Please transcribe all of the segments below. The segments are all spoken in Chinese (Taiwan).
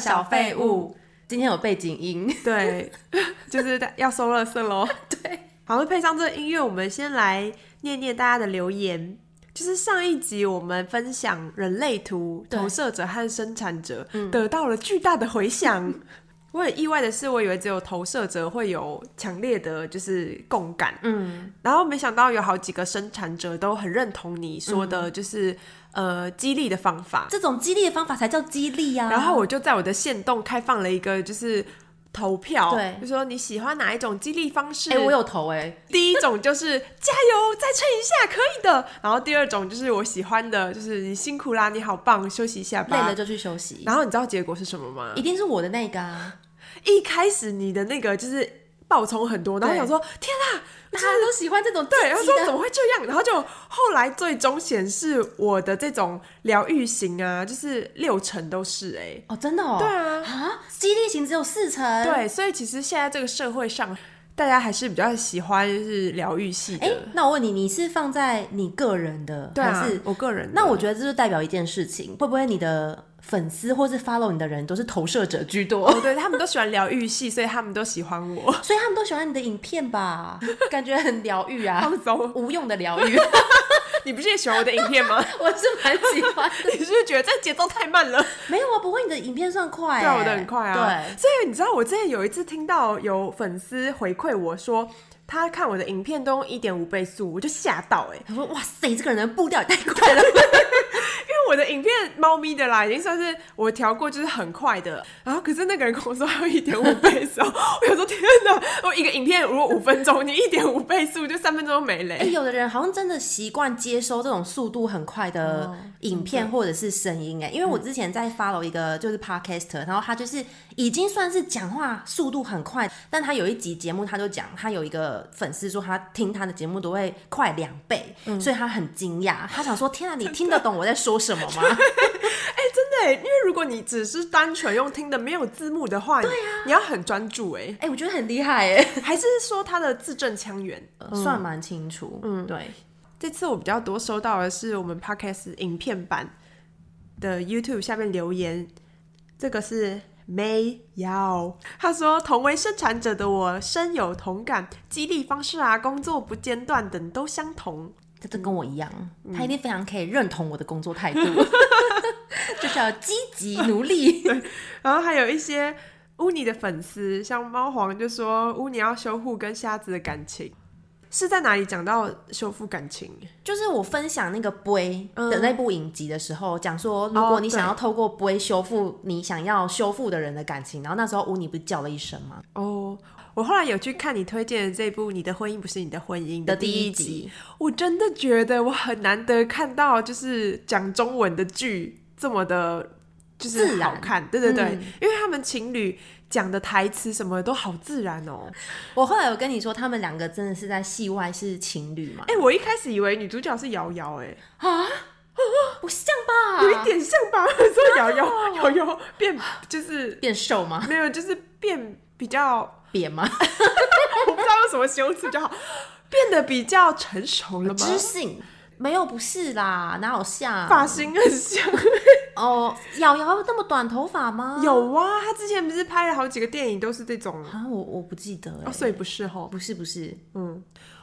小廢物，今天有背景音，對，就是要收垃圾嘍。 對，好，配上這個音樂，我們先來念念大家的留言。就是上一集我們分享人類圖對投射者和生產者，嗯、得到了巨大的回響。嗯我很意外的是，我以為只有投射者會有強烈的，就是共感，嗯，然後沒想到有好幾個生產者都很認同你說的，就是呃激勵的方法、嗯，這種激勵的方法才叫激勵啊。然後我就在我的限動開放了一個，就是。投票，對就是說你喜歡哪一種激勵方式？哎、欸，我有投哎、欸。 第一種就是加油，再撐一下，可以的。然後第二種就是我喜歡的，就是你辛苦啦，你好棒，休息一下吧，累了就去休息。然後你知道結果是什麼嗎？一定是我的那個啊！一開始你的那個就是暴衝很多，然後我想說對天哪、啊。就是、大家都喜歡這種對，然後說怎麼會這樣？然後就後來最終顯示我的這種療癒型啊，就是六成都是哎、欸，哦，真的哦，對啊啊，激勵型只有四成，對，所以其實現在這個社會上。大家還是比較喜歡就是療癒系的、欸。那我問你，你是放在你個人的，還是、啊、我個人的？那我覺得這就代表一件事情，會不會你的粉絲或是 follow 你的人都是投射者居多？哦、對，他們都喜歡療癒系， 所以他們都喜歡我，所以他們都喜歡你的影片吧？ 感覺很療癒啊，放鬆鬆，無用的療癒。 你不是也喜歡我的影片嗎？ 我是蠻喜歡的。 你是不是覺得這節奏太慢了？沒有啊，不過你的影片算快、欸， 對、啊、我的很快啊。對，所以你知道我之前有一次聽到有粉絲回饋我說，他看我的影片都用一點五倍速，我就嚇到哎、欸，他說哇塞，這個人的步調也太快了。 我的影片貓咪的啦，已經算是我調過就是很快的，然、啊、後可是那個人跟我說還有一點五倍速，我想說天哪！我一個影片如果五分鐘，你一點五倍速就三分鐘都沒了、欸。哎、欸，有的人好像真的習慣接收這種速度很快的影片或者是聲音哎、欸，oh, okay. 因為我之前在 follow 一個就是 podcast，、嗯、然後他就是已經算是講話速度很快，但他有一集節目他就講，他有一個粉絲說他聽他的節目都會快兩倍，嗯、所以他很驚訝，他想說天哪、啊，你聽得懂我在說什麼？ 好嗎？哎、 欸，真的，因為如果你只是單純用聽的沒有字幕的話， 對啊，你要很專注哎。哎、欸，我覺得很厲害哎。 還是說他的字正腔圓，嗯、算蠻清楚。嗯，對。這次我比較多收到的是我們 Podcast 影片版的 YouTube 下面留言， 這個是 May Yao，他說同為生產者的我深有同感，激勵方式啊、工作不間斷等都相同。他跟，跟我一樣，嗯、他一定非常可以認同我的工作態度，嗯、 就是要積極努力。 然後還有一些污泥的粉絲，像貓皇就說污泥要修復跟瞎子的感情，是在哪裡講到修復感情？就是我分享那個碑的那部影集的時候，講、嗯、說如果你想要透過碑修復你想要修復的人的感情，哦、然後那時候污泥不是叫了一聲嗎？哦。我後來有去看你推薦的這部《你的婚姻不是你的婚姻》的第一集，一集我真的覺得我很難得看到，就是講中文的劇這麼的，就是好看。然對對對，嗯、因為他們情侶講的台詞什麼都好自然哦、喔。我後來有跟你說，他們兩個真的是在戲外是情侶嘛？哎、欸，我一開始以為女主角是瑤瑤、欸，哎啊、哦，不像吧？有一點像吧？說瑤瑤瑤瑤變，就是變瘦嗎？沒有，就是變比較。變別嗎？ 我不知道用什麼修辭就好，變得比較成熟了嗎？呃、知性沒有，不是啦，哪有像髮型很像哦？姚 姚、oh, 那麼短頭髮嗎？有啊，他之前不是拍了好幾個電影都是這種，啊，我我不記得、欸，哦，oh, 所以不是吼，不是不是，嗯，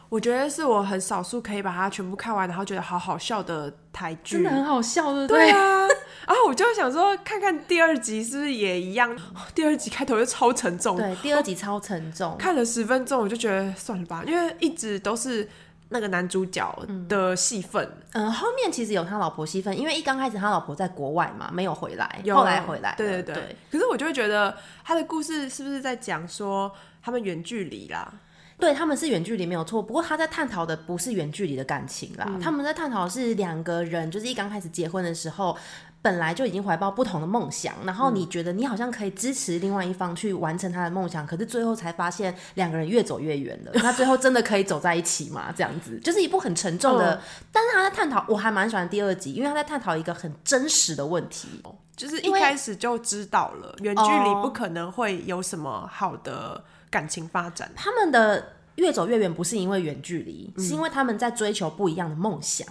我覺得是我很少數可以把它全部看完，然後覺得好好笑的台劇，真的很好笑的，對，不對，對、啊 啊，我就想說看看第二集是不是也一樣。第二集開頭就超沉重，對，第二集超沉重。哦、看了十分鐘，我就覺得算了吧，因為一直都是那個男主角的戲份。嗯、呃，後面其實有他老婆戲份，因為一剛開始他老婆在國外嘛，沒有回來，有後來回來。對對對。對，可是我就會覺得他的故事是不是在講說他們遠距離啦？對，他們是遠距離沒有錯，不過他在探討的不是遠距離的感情啦，嗯、他們在探討的是兩個人就是一剛開始結婚的時候，本來就已經懷抱不同的夢想，然後你覺得你好像可以支持另外一方去完成他的夢想，可是最後才發現兩個人越走越遠了，那最後真的可以走在一起嗎？ 這樣子就是一部很沉重的，哦、但是他在探討，我還蠻喜歡第二集，因為他在探討一個很真實的問題，就是一開始就知道了遠距離不可能會有什麼好的。感情發展，他們的越走越遠，不是因為遠距離，嗯、是因為他們在追求不一樣的夢想。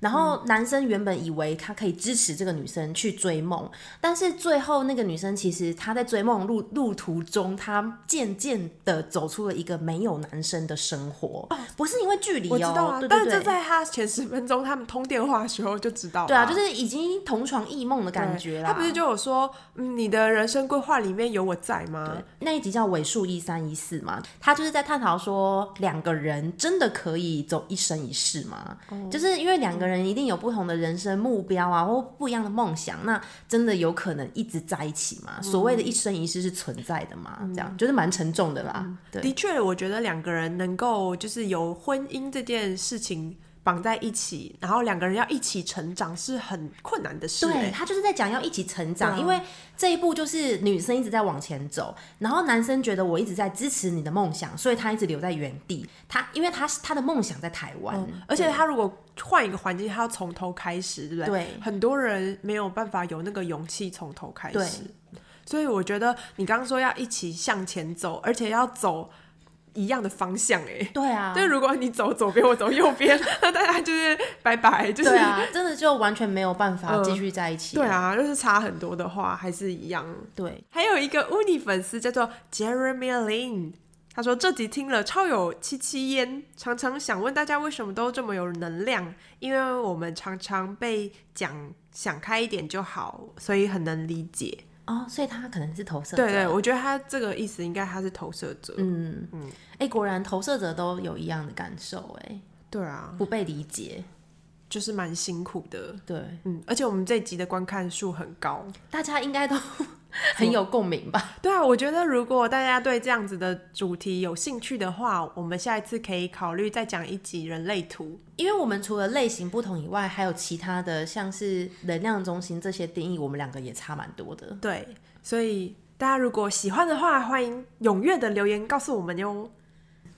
然後男生原本以為他可以支持這個女生去追夢，嗯、但是最後那個女生其實她在追夢路路途中，她漸漸的走出了一個沒有男生的生活，哦、不是因為距離哦，我知道啊、但是就在他前十分鐘他們通電話的時候就知道了，對啊，就是已經同床異夢的感覺啦。他不是就有說、嗯、你的人生規劃裡面有我在嗎？對，那一集叫尾數一三一四嘛，他就是在探討說兩個人真的可以走一生一世嗎？哦、就是因為兩個人、嗯。人一定有不同的人生目標啊，或不一樣的夢想，那真的有可能一直在一起嗎？所謂的一生一世是存在的嗎？嗯、這樣就是蠻沉重的啦。嗯、對的確，我覺得兩個人能夠就是有婚姻這件事情。綁在一起，然後兩個人要一起成長是很困難的事、欸。對，他就是在講要一起成長，嗯、因為這一步就是女生一直在往前走，然後男生覺得我一直在支持你的夢想，所以他一直留在原地。他因為他是他的夢想在台灣、嗯，而且他如果換一個環境，對他要從頭開始，對不對？對，很多人沒有辦法有那個勇氣從頭開始。對所以我覺得你剛剛說要一起向前走，而且要走一樣的方向哎、欸，對啊，就如果你走左邊或走右邊，那 大家就是拜拜，就是、啊、真的就完全沒有辦法繼續在一起、嗯。對啊，就是差很多的話還是一樣。對，還有一個 Uni 粉絲叫做 Jeremy Lin，他說這集聽了超有戚戚焉，常常想問大家為什麼都這麼有能量，因為我們常常被講想開一點就好，所以很能理解。哦，所以他可能是投射者。對對，我覺得他這個意思應該他是投射者。嗯嗯，哎、嗯欸，果然投射者都有一樣的感受哎。對啊，不被理解就是蠻辛苦的。對，嗯，而且我們這集的觀看數很高，大家應該都。很有共鳴吧，嗯。對啊，我覺得如果大家對這樣子的主題有興趣的話，我們下一次可以考慮再講一集人類圖，因為我們除了類型不同以外，還有其他的像是能量中心這些定義，我們兩個也差蠻多的。對，所以大家如果喜歡的話，歡迎踴躍的留言告訴我們喲。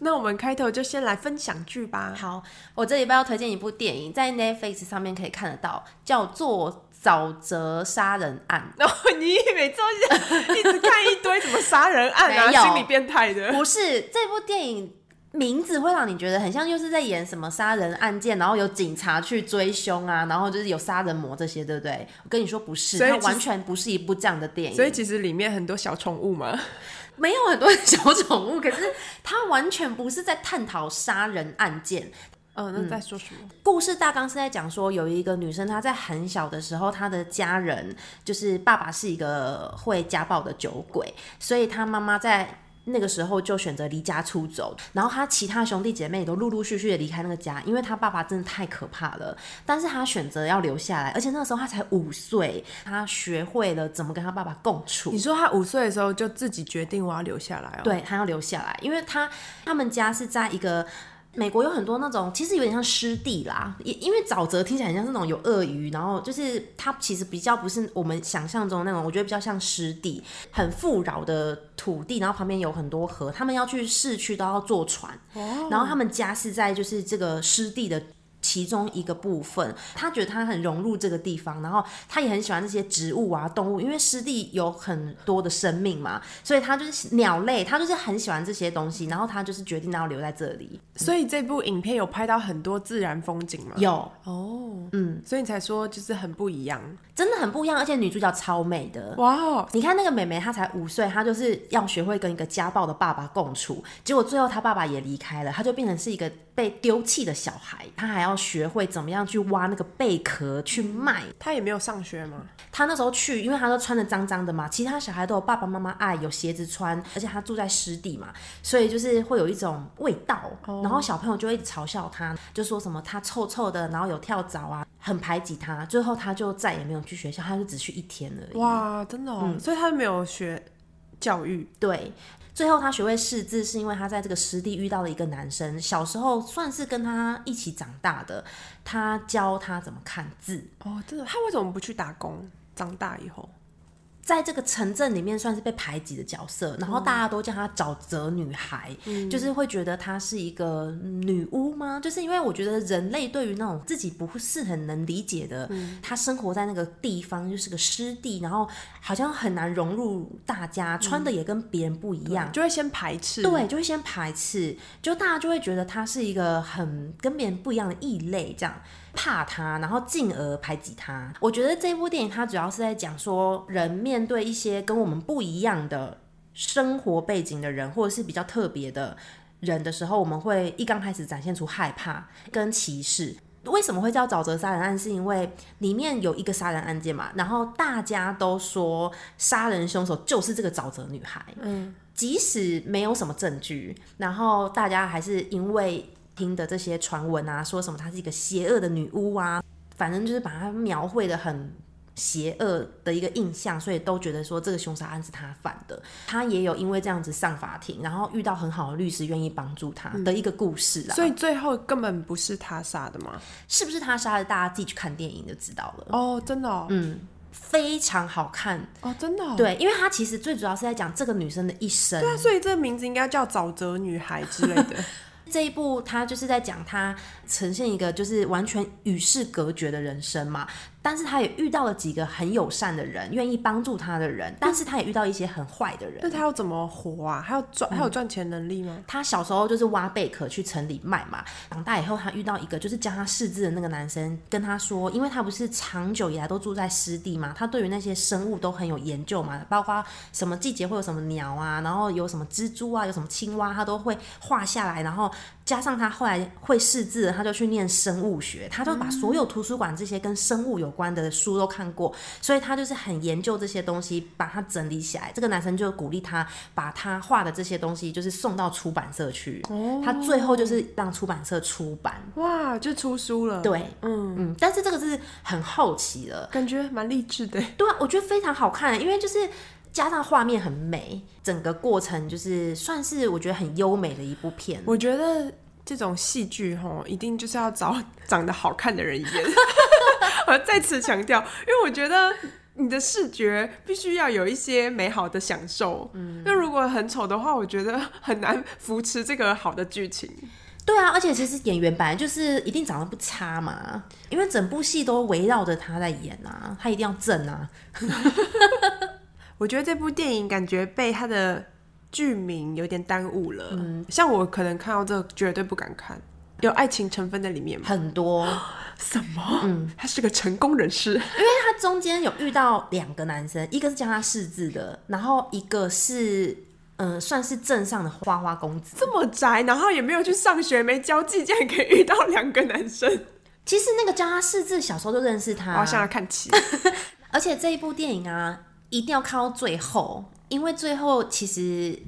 那我們開頭就先來分享劇吧。好，我這裡要推薦一部電影，在 Netflix 上面可以看得到，叫做。沼澤殺人案，然後、oh, 你每週每次是一直看一堆什麼殺人案啊？ 有心理變態的？不是，這部電影名字會讓你覺得很像，就是在演什麼殺人案件，然後有警察去追兇啊，然後就是有殺人魔這些，對不對？我跟你說不是，所以它完全不是一部這樣的電影。所以其實裡面很多小寵物嘛， 沒有很多小寵物，可是它完全不是在探討殺人案件。嗯、哦，那再說什麼？嗯、故事大綱是在講說，有一個女生，她在很小的時候，她的家人就是爸爸是一個會家暴的酒鬼，所以她媽媽在那個時候就選擇離家出走，然後她其他兄弟姐妹也都陸陸續續的離開那個家，因為她爸爸真的太可怕了。但是她選擇要留下來，而且那個時候她才五歲，她學會了怎麼跟她爸爸共處。你說她五歲的時候就自己決定我要留下來哦？對，她要留下來，因為她他們家是在一個。美國有很多那種，其實有點像濕地啦，因為沼澤聽起來很像那種有鱷魚，然後就是它其實比較不是我們想象中那種，我覺得比較像濕地，很富饒的土地，然後旁邊有很多河，他們要去市區都要坐船，Oh. 然後他們家是在就是這個濕地的。其中一個部分，他覺得他很融入這個地方，然後他也很喜歡這些植物啊、動物，因為濕地有很多的生命嘛，所以他就是鳥類，他就是很喜歡這些東西，然後他就是決定要留在這裡。所以這部影片有拍到很多自然風景嗎？有哦，嗯，有 oh, 所以你才說就是很不一樣，真的很不一樣，而且女主角超美的哇！Wow 你看那個妹妹她才五歲，她就是要學會跟一個家暴的爸爸共處，結果最後她爸爸也離開了，她就變成是一個。被丟棄的小孩，他還要學會怎麼樣去挖那個貝殼去賣。嗯。他也沒有上學嗎？他那時候去，因為他都穿得髒髒的嘛，其他小孩都有爸爸媽媽愛，有鞋子穿，而且他住在濕地嘛，所以就是會有一種味道，哦、然後小朋友就會一直嘲笑他，就說什麼他臭臭的，然後有跳蚤啊，很排擠他。最後他就再也沒有去學校，他就只去一天而已。哇，真的、哦，嗯，所以他就沒有學教育，對。最後他學會識字，是因為他在這個濕地遇到了一個男生，小時候算是跟他一起長大的，他教他怎麼看字。哦，真的。他為什麼不去打工？長大以後？在這個城鎮裡面算是被排擠的角色，然後大家都叫她沼澤女孩，哦、嗯、就是會覺得她是一個女巫嗎？就是因為我覺得人類對於那種自己不是很能理解的，嗯、她生活在那個地方就是個濕地，然後好像很難融入大家，穿的也跟別人不一樣，嗯、就會先排斥，對，就會先排斥，就大家就會覺得她是一個很跟別人不一樣的異類這樣。怕他，然後進而排擠他。我覺得這部電影它主要是在講說，人面對一些跟我們不一樣的生活背景的人，或者是比較特別的人的時候，我們會一剛開始展現出害怕跟歧視。為什麼會叫沼澤殺人案？是因為裡面有一個殺人案件嘛，然後大家都說殺人凶手就是這個沼澤女孩，嗯，即使沒有什麼證據，然後大家還是因為。聽的這些傳聞啊，說什麼她是一個邪惡的女巫啊，反正就是把她描繪得很邪惡的一個印象，所以都覺得說這個凶殺案是她犯的。她也有因為這樣子上法庭，然後遇到很好的律師願意幫助她的一個故事啊、嗯。所以最後根本不是她殺的嗎？是不是她殺的？大家自己去看電影就知道了。哦，真的、哦，嗯，非常好看哦，真的、哦。對，因為她其實最主要是在講這個女生的一生。對啊，所以這個名字應該叫《沼澤女孩》之類的。 這一部，他就是在講他。呈現一個就是完全與世隔絕的人生嘛，但是他也遇到了幾個很友善的人，願意幫助他的人，但是他也遇到一些很壞的人。那、嗯、他要怎麼活啊？他要賺，嗯、他有賺錢能力嗎？他小時候就是挖貝殼去城裡賣嘛。長大以後，他遇到一個就是教他識字的那個男生，跟他說，因為他不是長久以來都住在濕地嘛，他對於那些生物都很有研究嘛，包括什麼季節會有什麼鳥啊，然後有什麼蜘蛛啊，有什麼青蛙，他都會畫下來，然後。加上他後來會識字，他就去念生物學，他就把所有圖書館這些跟生物有關的書都看過，嗯、所以他就是很研究這些東西，把它整理起來。這個男生就鼓勵他把他畫的這些東西，就是送到出版社去。哦、他最後就是讓出版社出版，哇，就出書了。對，嗯嗯。但是這個是很好奇的，感覺蠻勵志的。對，我覺得非常好看，因為就是加上畫面很美，整個過程就是算是我覺得很優美的一部片。我覺得。這種戲劇齁，一定就是要找長得好看的人演。 我再次強調，因為我覺得你的視覺必須要有一些美好的享受。嗯，那如果很醜的話，我覺得很難扶持這個好的劇情。對啊，而且其實演員本來就是一定長得不差嘛，因為整部戲都圍繞着他在演啊，他一定要正啊。 我覺得這部電影感覺被他的。劇名有點耽誤了，嗯、像我可能看到這個絕對不敢看。有愛情成分在裡面嗎？很多什麼？嗯，他是個成功人士，因為他中間有遇到兩個男生，一個是教他識字的，然後一個是嗯、呃，算是鎮上的花花公子。這麼宅，然後也沒有去上學，沒交際，竟然可以遇到兩個男生。其實那個教他識字小時候就認識他，我要向他看齊。 而且這一部電影啊，一定要看到最後。因為最後其實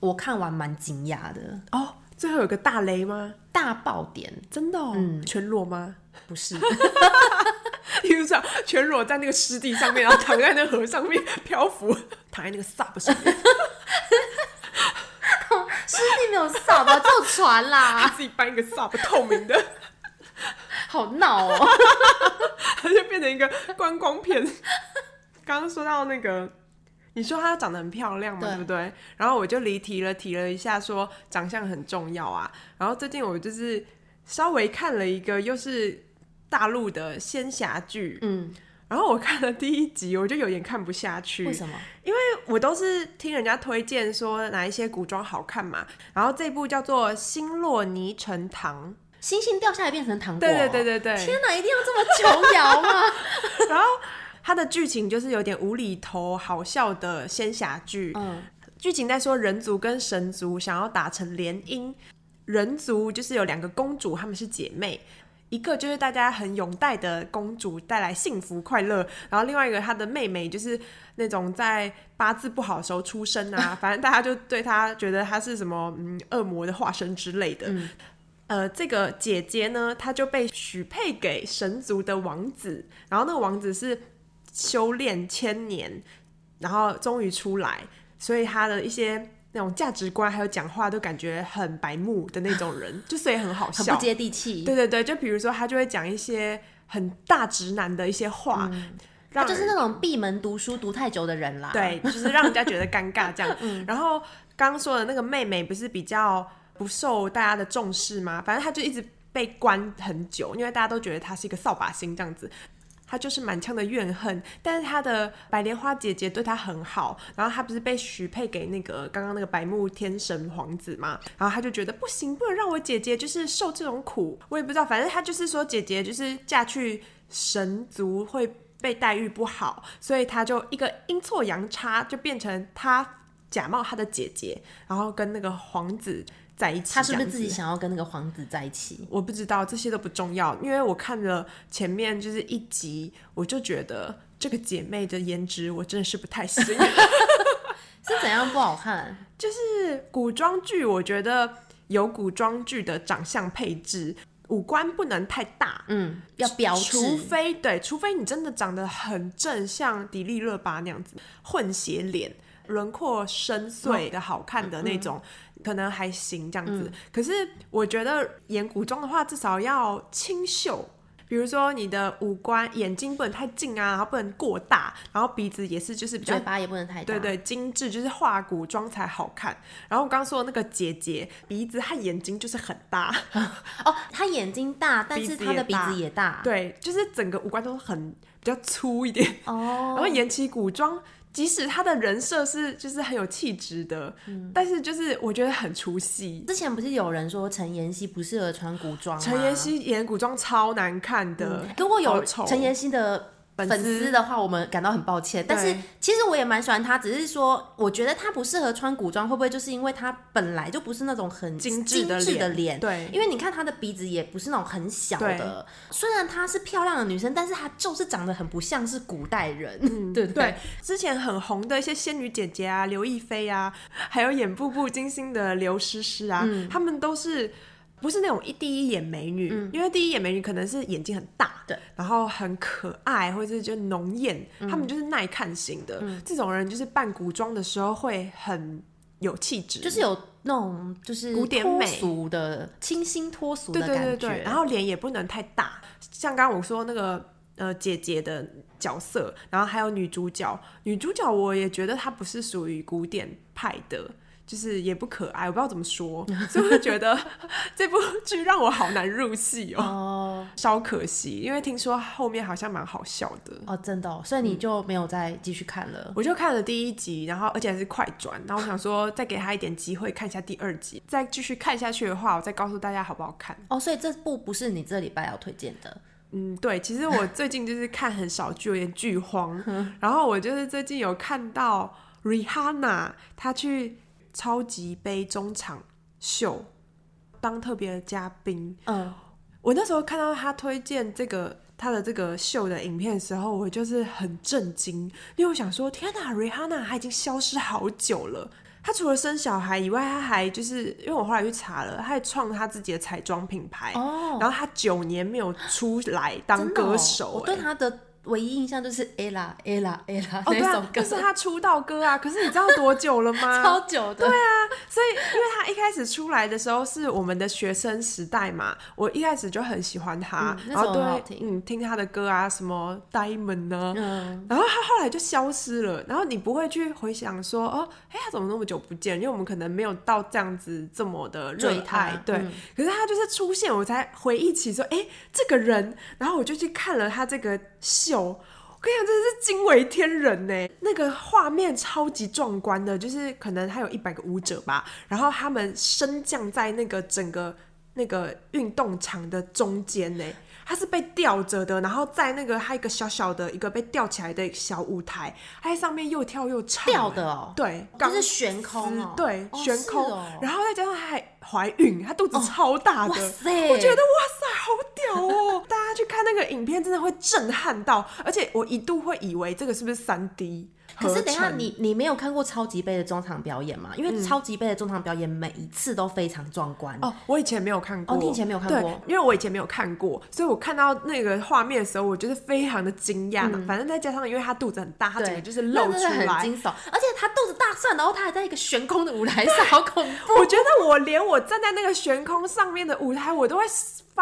我看完蠻驚訝的哦，最後有個大雷嗎？大爆點，真的，哦、嗯、全裸嗎？不是，就是 全裸在那個濕地上面，然後躺在那個河上面漂浮， 躺在那個 sub 上面，濕、 哦、地沒有 sub，就船啦，自己搬一個 sub 透明的， 好鬧哦， 他就變成一個觀光片。剛剛說到那個。你說她長得很漂亮嘛，對，對不對？然後我就離題了，提了一下說，長相很重要啊。然後最近我就是稍微看了一個，又是大陸的仙俠劇，嗯，然後我看了第一集，我就有點看不下去。為什麼？因為我都是聽人家推薦說哪一些古裝好看嘛。然後這部叫做《星落凝成糖》，星星掉下來變成糖果。對對對對對，天哪，一定要這麼瓊瑤嗎？ 然後。他的劇情就是有點無厘頭、好笑的仙俠劇。嗯，劇情在說人族跟神族想要達成聯姻，人族就是有兩個公主，她們是姐妹，一個就是大家很擁戴的公主，帶來幸福快樂；然後另外一個她的妹妹就是那種在八字不好的時候出生啊，反正大家就對她覺得她是什麼嗯惡魔的化身之類的。嗯、呃，這個姐姐呢，她就被許配給神族的王子，然後那個王子是。修煉千年，然後終於出來，所以他的一些那種價值觀還有講話都感覺很白目的那種人，就是也很好笑，不接地氣。對對對，就比如說他就會講一些很大直男的一些話，嗯、讓人，他就是那種閉門讀書讀太久的人啦。對，就是讓人家覺得尷尬這樣。 嗯、然後剛剛說的那個妹妹不是比較不受大家的重視嗎？反正她就一直被關很久，因為大家都覺得她是一個掃把星這樣子。他就是滿腔的怨恨，但是他的白蓮花姐姐對他很好，然後他不是被許配給那個剛剛那個白目天神皇子嘛？然後他就覺得不行，不能讓我姐姐就是受這種苦。我也不知道，反正他就是說姐姐就是嫁去神族會被待遇不好，所以他就一個陰錯陽差就變成他假冒他的姐姐，然後跟那個皇子。在一起，他是不是自己想要跟那個皇子在一起？我不知道這些都不重要，因為我看了前面就是一集，我就覺得這個姐妹的顏值我真的是不太行。 是怎樣不好看？就是古裝劇，我覺得有古裝劇的長相配置，五官不能太大，嗯，要表示，除非對，除非你真的長得很正，像迪麗熱巴那樣子混血臉，輪廓深邃的、嗯、好看的那種。嗯嗯可能還行這樣子，嗯，可是我覺得演古裝的話，至少要清秀。比如說你的五官、眼睛不能太近啊，然後不能過大，然後鼻子也是，就是嘴巴也不能太大，對對對，精致，就是畫古裝才好看。然後我剛剛說的那個姐姐，鼻子和眼睛就是很大 哦，她眼睛大，但是她的鼻子也大，也大，對，就是整個五官都很比較粗一點哦。然後演起古裝。即使他的人設是就是很有氣質的，嗯、但是就是我覺得很出戲。之前不是有人說陳妍希不適合穿古裝嗎？陳妍希演古裝超難看的。嗯、如果有陳妍希的。粉絲的話，我們感到很抱歉。對但是其實我也蠻喜歡她，只是說我覺得她不適合穿古裝，會不會就是因為她本來就不是那種很精致的臉？對，因為你看她的鼻子也不是那種很小的。對雖然她是漂亮的女生，但是她就是長得很不像是古代人。對對對，對。之前很紅的一些仙女姐姐啊，劉亦菲啊，還有演《步步驚心》的劉詩詩啊，嗯、她們都是。不是那種一第一眼美女，嗯、因為第一眼美女可能是眼睛很大，對然後很可愛，或者是就濃豔，嗯、他們就是耐看型的。嗯、這種人就是扮古裝的時候會很有氣質，就是有那種就是古典美、脫俗的清新脫俗的感覺。對對對對然後臉也不能太大，像剛剛我說那個呃姐姐的角色，然後還有女主角，女主角我也覺得她不是屬於古典派的。就是也不可愛，我不知道怎麼說， 所以我就覺得這部劇讓我好難入戲哦、喔，oh, 稍可惜，因為聽說後面好像蠻好笑的哦，oh, 真的、哦，所以你就、嗯、沒有再繼續看了，我就看了第一集，然後而且還是快轉，然後我想說再給他一點機會看一下第二集， 再繼續看下去的話，我再告訴大家好不好看哦，oh, 所以這部不是你這禮拜要推薦的，嗯，對，其實我最近就是看很少劇，有點劇荒， 然後我就是最近有看到 Rihanna，她去。超級杯中場秀當特別的嘉賓，嗯，我那時候看到他推薦這個他的這個秀的影片的時候，我就是很震驚，因為我想說，天吶，Rihanna 她已經消失好久了，她除了生小孩以外，她還就是因為我後來去查了，她還創她自己的彩妝品牌哦，然後她九年沒有出來當歌手欸，哦，我對她的。唯一印象就是、E、lla, Ella Ella Ella 這首歌，哦，對啊，就是他出道歌啊。 可是你知道多久了嗎？ 超久的。對啊，所以因為他一開始出來的時候是我們的學生時代嘛，我一開始就很喜歡他，嗯、然後對，聽嗯聽他的歌啊，什麼 Diamond 呢、啊，嗯、然後他後來就消失了，然後你不會去回想說，哦，哎、欸，他怎麼那麼久不見？因為我們可能沒有到這樣子這麼的熱態，啊、對。嗯、可是他就是出現，我才回憶起說，哎、欸，這個人，然後我就去看了他這個。秀！我跟你講，真的是驚為天人呢。那個畫面超級壯觀的，就是可能還有一百個舞者吧，然後他們升降在那個整個那個運動場的中間呢。她是被吊着的，然後在那個還有一個小小的一個被吊起來的小舞台，她在上面又跳又唱。吊的、哦，對，它、哦、四是懸空，對、哦，懸空。然後再加上她還懷孕，她肚子超大的，哦、我覺得哇塞，好屌哦！ 大家去看那個影片，真的會震撼到，而且我一度會以為這個是不是三 D。可是等一下成，你你沒有看過超級盃的中場表演嗎？因為超級盃的中場表演每一次都非常壯觀、嗯、哦。我以前沒有看過。哦，你以前沒有看過，因為我以前沒有看過，所以我看到那個畫面的時候，我就是非常的驚訝嘛。嗯、反正再加上因為他肚子很大，他整個就是露出來，很而且他肚子大算，然後他還在一個懸空的舞台上，對好恐怖！我覺得我連我站在那個懸空上面的舞台，我都會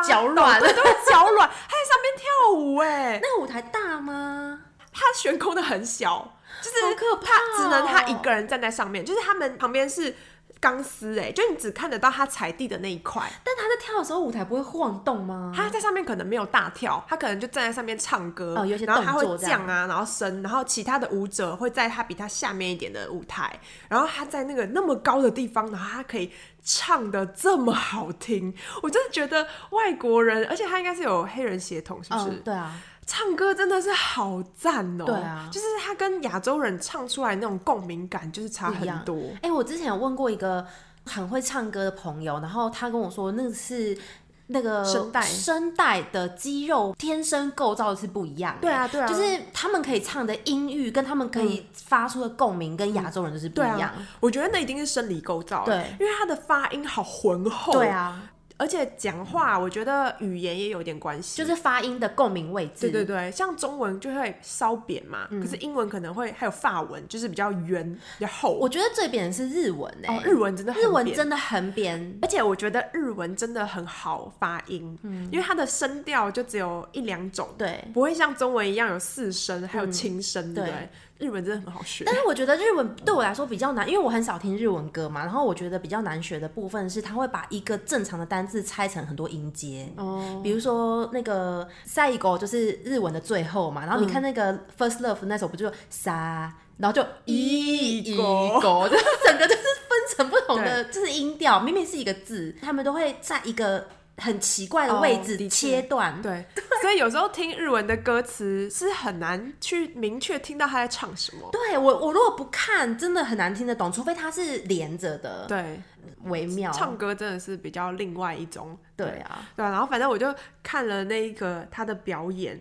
腳軟，我都會腳軟。 他在上面跳舞，欸，哎，那個舞台大嗎？他懸空的很小。就是他只能他一個人站在上面，喔、就是他們旁邊是鋼絲哎，就你只看得到他踩地的那一塊。但他在跳的時候，舞台不會晃動嗎？他在上面可能沒有大跳，他可能就站在上面唱歌、呃、然後他會降啊，然後升，然後其他的舞者會在他比他下面一點的舞台，然後他在那個那麼高的地方，然後他可以唱得這麼好聽，我真的覺得外國人，而且他應該是有黑人血統，是不是？嗯、對啊。唱歌真的是好讚哦、喔！對啊，就是他跟亞洲人唱出來那種共鳴感，就是差很多。哎、欸，我之前有問過一個很會唱歌的朋友，然後他跟我說，那是那個聲帶聲帶的肌肉天生構造是不一樣、欸。對啊，對啊，就是他們可以唱的音域跟他們可以發出的共鳴跟亞洲人就是不一樣、啊。我覺得那一定是生理構造、欸，對，因為他的發音好渾厚。對啊。而且講話，我覺得語言也有點關係，就是發音的共鳴位置。對對對，像中文就會稍扁嘛，嗯、可是英文可能會還有法文，就是比較圓、比較厚。我覺得最扁的是日文，日文真的，日文真的很扁。很扁。而且我覺得日文真的很好發音，嗯、因為它的聲調就只有一兩種，對不會像中文一樣有四聲還有輕聲，嗯、對？對日文真的很好學，但是我覺得日文對我來說比較難，嗯、因為我很少聽日文歌嘛。然後我覺得比較難學的部分是，他會把一個正常的單字拆成很多音節。哦、比如說那個賽狗就是日文的最後嘛。然後你看那個《First Love》那首不就“沙”，然後就“一、嗯”，“一 go 整個就是分成不同的，就是音調。對明明是一個字，他們都會在一個。很奇怪的位置切斷。哦，對， 所以有時候聽日文的歌詞是很難去明確聽到他在唱什麼。對，我，我如果不看，真的很難聽得懂，除非他是連着的，對，微妙。唱歌真的是比較另外一種，對，對啊，對啊。然後反正我就看了那一個他的表演。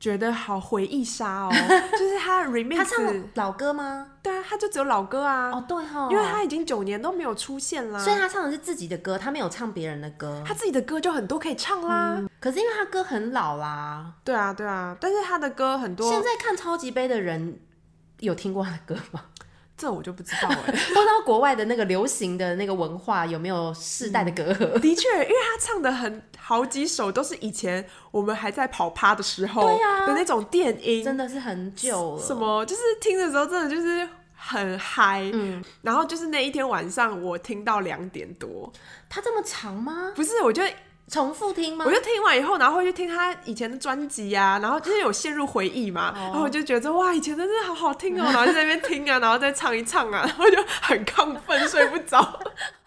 覺得好回憶殺哦，就是他 remix。 他唱老歌嗎？對啊，他就只有老歌啊。Oh, 哦，對齁，因為他已經九年都沒有出現啦。所以他唱的是自己的歌，他沒有唱別人的歌。他自己的歌就很多可以唱啦，啊嗯。可是因為他歌很老啦。對啊，對啊，但是他的歌很多。現在看超級盃的人，有聽過他的歌嗎？這我就不知道了、欸， 不知道國外的那個流行的那個文化有沒有世代的隔閡、嗯？的確，因為他唱的很好幾首都是以前我們還在跑趴的時候的那種電音，對啊、真的是很久了。什麼？就是聽的時候真的就是很嗨，嗯。然後就是那一天晚上，我聽到兩點多，他這麼長嗎？不是，我覺得。重複聽嗎？我就聽完以後，然後就聽他以前的專輯啊，然後就是有陷入回憶嘛， 然後我就覺得哇，以前的真的好好聽哦、喔，然後就在那邊聽啊， 然後再唱一唱啊，然後就很亢奮，睡不着。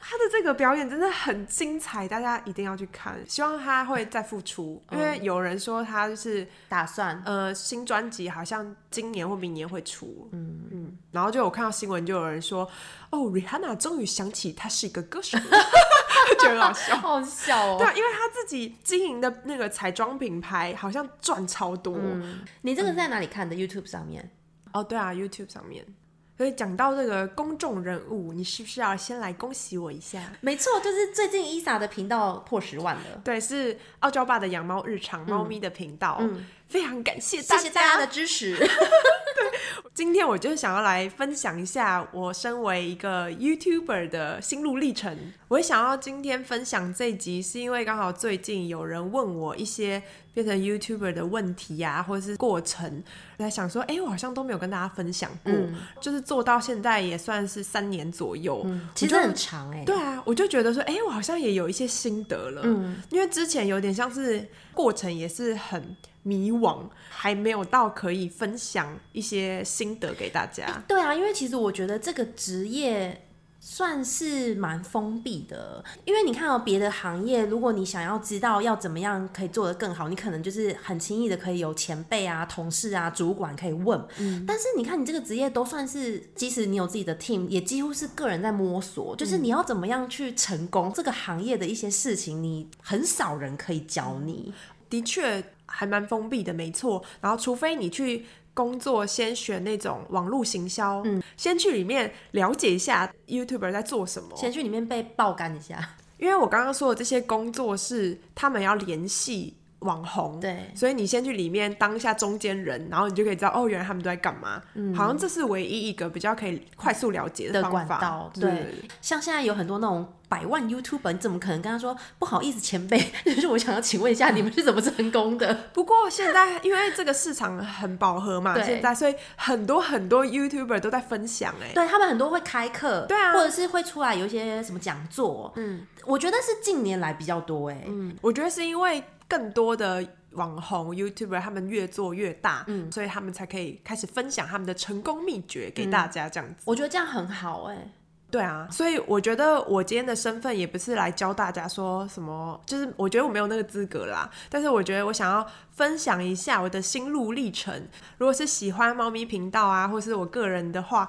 他的這個表演真的很精彩，大家一定要去看。希望他會再復出，嗯、因為有人說他就是打算，呃，新專輯好像今年或明年會出，嗯嗯。嗯，然後就我看到新聞，就有人說， 哦，Rihanna 終於想起她是一個歌手。 覺得好笑， 好笑哦、喔！對、啊，因為他自己經營的那個彩妝品牌好像賺超多、嗯。你這個是在哪裡看的、嗯？YouTube 上面哦，對啊，YouTube 上面。所以講到這個公眾人物，你是不是要先來恭喜我一下？沒錯，就是最近伊莎的頻道破十萬了。對，是傲嬌爸的養貓日常貓、嗯、咪的頻道。嗯非常感謝，謝謝大家的支持。 今天我就是想要來分享一下我身為一個 YouTuber 的心路歷程。我想要今天分享這集，是因為剛好最近有人問我一些變成 YouTuber 的問題呀、啊，或者是過程，來想說，哎，我好像都沒有跟大家分享過。就是做到現在也算是三年左右，其實很長哎。對啊，我就覺得說，哎，我好像也有一些心得了。嗯，因為之前有點像是過程也是很。迷惘，還沒有到可以分享一些心得給大家。欸、對啊，因為其實我覺得這個職業算是蠻封閉的，因為你看到、喔、別的行業，如果你想要知道要怎麼樣可以做得更好，你可能就是很輕易的可以有前輩啊、同事啊、主管可以問。嗯，但是你看你這個職業都算是，即使你有自己的 team，也幾乎是個人在摸索，就是你要怎麼樣去成功、嗯、這個行業的一些事情，你很少人可以教你。嗯。的確還蠻封閉的，沒錯。然後，除非你去工作，先選那種網絡行銷，嗯，先去裡面了解一下 YouTuber 在做什麼，先去裡面被爆幹一下。因為我剛剛說的這些工作是他們要聯繫。網紅，對，所以你先去裡面當一下中間人，然後你就可以知道哦，原來他們都在幹嘛。嗯，好像這是唯一一個比較可以快速了解的方法。對，像現在有很多那種百萬 YouTuber，你怎麼可能跟他說不好意思，前輩？就是我想要請問一下，你們是怎麼成功的？不過現在因為這個市場很飽和嘛，現在所以很多很多 YouTuber 都在分享哎，對他們很多會開課，對啊，或者是會出來有一些什麼講座。嗯，我覺得是近年來比較多哎，嗯，我覺得是因為。更多的網紅 YouTuber 他們越做越大，嗯，所以他們才可以開始分享他們的成功秘訣給大家，這樣子，嗯，我覺得這樣很好哎、欸。對啊，所以我覺得我今天的身份也不是來教大家說什麼，就是我覺得我沒有那個資格啦。嗯、但是我覺得我想要分享一下我的心路歷程。如果是喜歡貓咪頻道啊，或是我個人的話，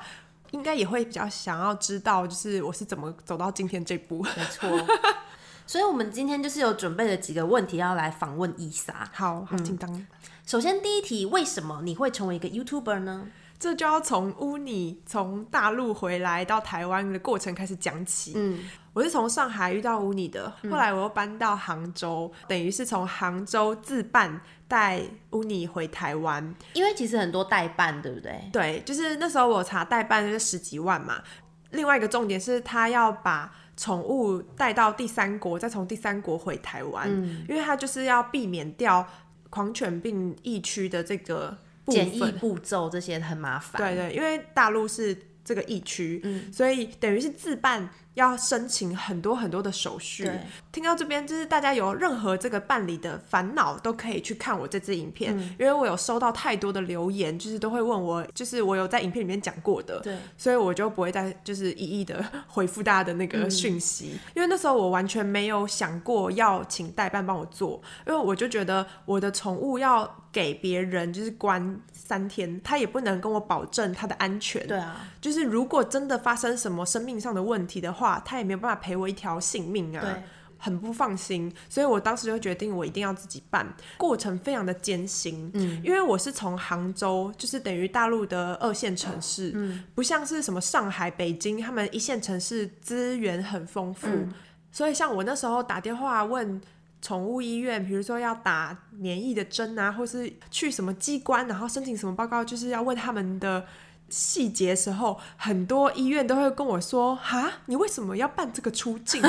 應該也會比較想要知道，就是我是怎麼走到今天這步。沒錯。 所以，我們今天就是有準備了幾個問題，要來訪問伊、e、莎。好，好，叮噹、嗯。首先，第一題，為什麼你會成為一個 YouTuber 呢？這就要從污泥從大陸回來到台灣的過程開始講起。嗯，我是從上海遇到污泥的，後來我又搬到杭州，嗯、等於是從杭州自辦帶污泥回台灣。因為其實很多代辦，對不對？對，就是那時候我查代辦就是十幾萬嘛。另外一個重點是，他要把。寵物帶到第三國，再從第三國回台灣，嗯、因為它就是要避免掉狂犬病疫區的這個檢疫步驟，這些很麻煩。對，對對，因為大陸是這個疫區，嗯、所以等於是自辦要申請很多很多的手續。對聽到這邊，就是大家有任何這個辦理的煩惱，都可以去看我這支影片，嗯、因為我有收到太多的留言，就是都會問我，就是我有在影片裡面講過的，對，所以我就不會再就是一一的回復大家的那個訊息，嗯、因為那時候我完全沒有想過要請代辦幫我做，因為我就覺得我的寵物要給別人就是關三天，他也不能跟我保證他的安全，對啊，就是如果真的發生什麼生命上的問題的話話他也沒有辦法賠我一條性命啊，對很不放心，所以我當時就決定我一定要自己辦。過程非常的艱辛，嗯，因為我是從杭州，就是等於大陸的二線城市，哦嗯、不像是什麼上海、北京，他們一線城市資源很豐富，嗯、所以像我那時候打電話問寵物醫院，比如說要打免疫的針啊，或是去什麼機關，然後申請什麼報告，就是要問他們的。細節時候，很多醫院都會跟我說：“哈，你為什麼要辦這個出境？”